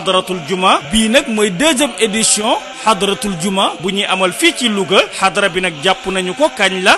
xadaratul juma bii nag mooy deuxième édition xadaratul juma bu ñuy amal fii ci Louga xadara bi nag jàpp nañu ko kañ la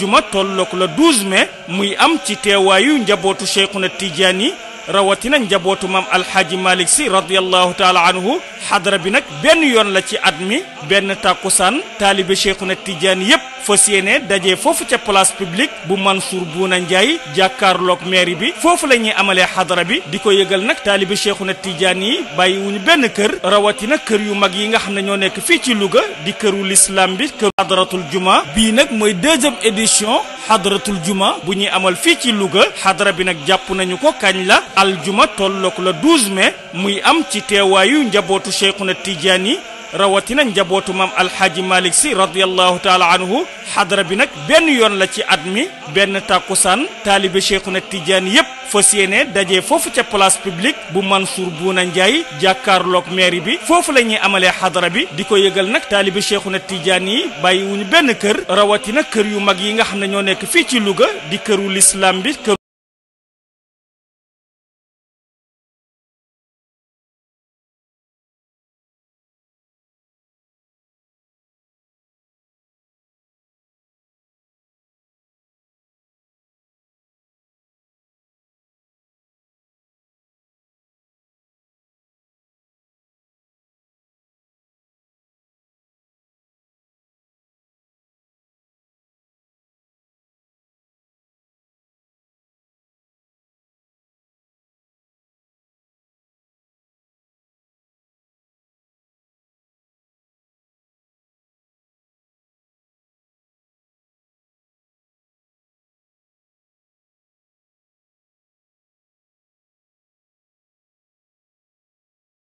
juma tollook la 12 mai muy am ci teewaayu njabootu na Tidiane yi rawatina njabootu maam alxaaji malik si radiallahu taala anhu xadara bi nag benn yoon la ci at mi benn tàkkusaan taalibe Cheikhuna Tidiane yépp fas yéene daje foofu ca place publique bu Mansour Bouna Ndiaye jàkkaarloog mairie bi foofu la ñuy amalee xadara bi di ko yëgal nag taalibe Cheikhuna Tidiane yi bàyyiwuñu benn kër rawatina kër yu mag yi nga xam ne ñoo nekk fii ci Louga di këru l'islam bi kër xadaratul juma bii nag mooy deuxième édition xadaratul juma bu ñuy amal fii ci Louga xadara bi nag jàpp nañu ko kañ aljuma tollook la 12 mai muy am ci teewaayu njabootu Cheikhuna Tijaani rawatina njabootu maam alxaaji Malick si radiyallahu taala anhu xadara bi nag benn yoon la ci at mi benn tàkkusaan taalibe na Tidiane yépp fas yéene daje foofu ca place publique bu na Bouna Ndiaye jàkkaarloog mairie bi foofu la ñuy amalee xadara bi di ko yëgal nag taalibe Cheikhuna Tidiane yi bàyyiwuñu benn kër rawatina kër yu mag yi nga xam ne ñoo nekk fii ci Louga di këru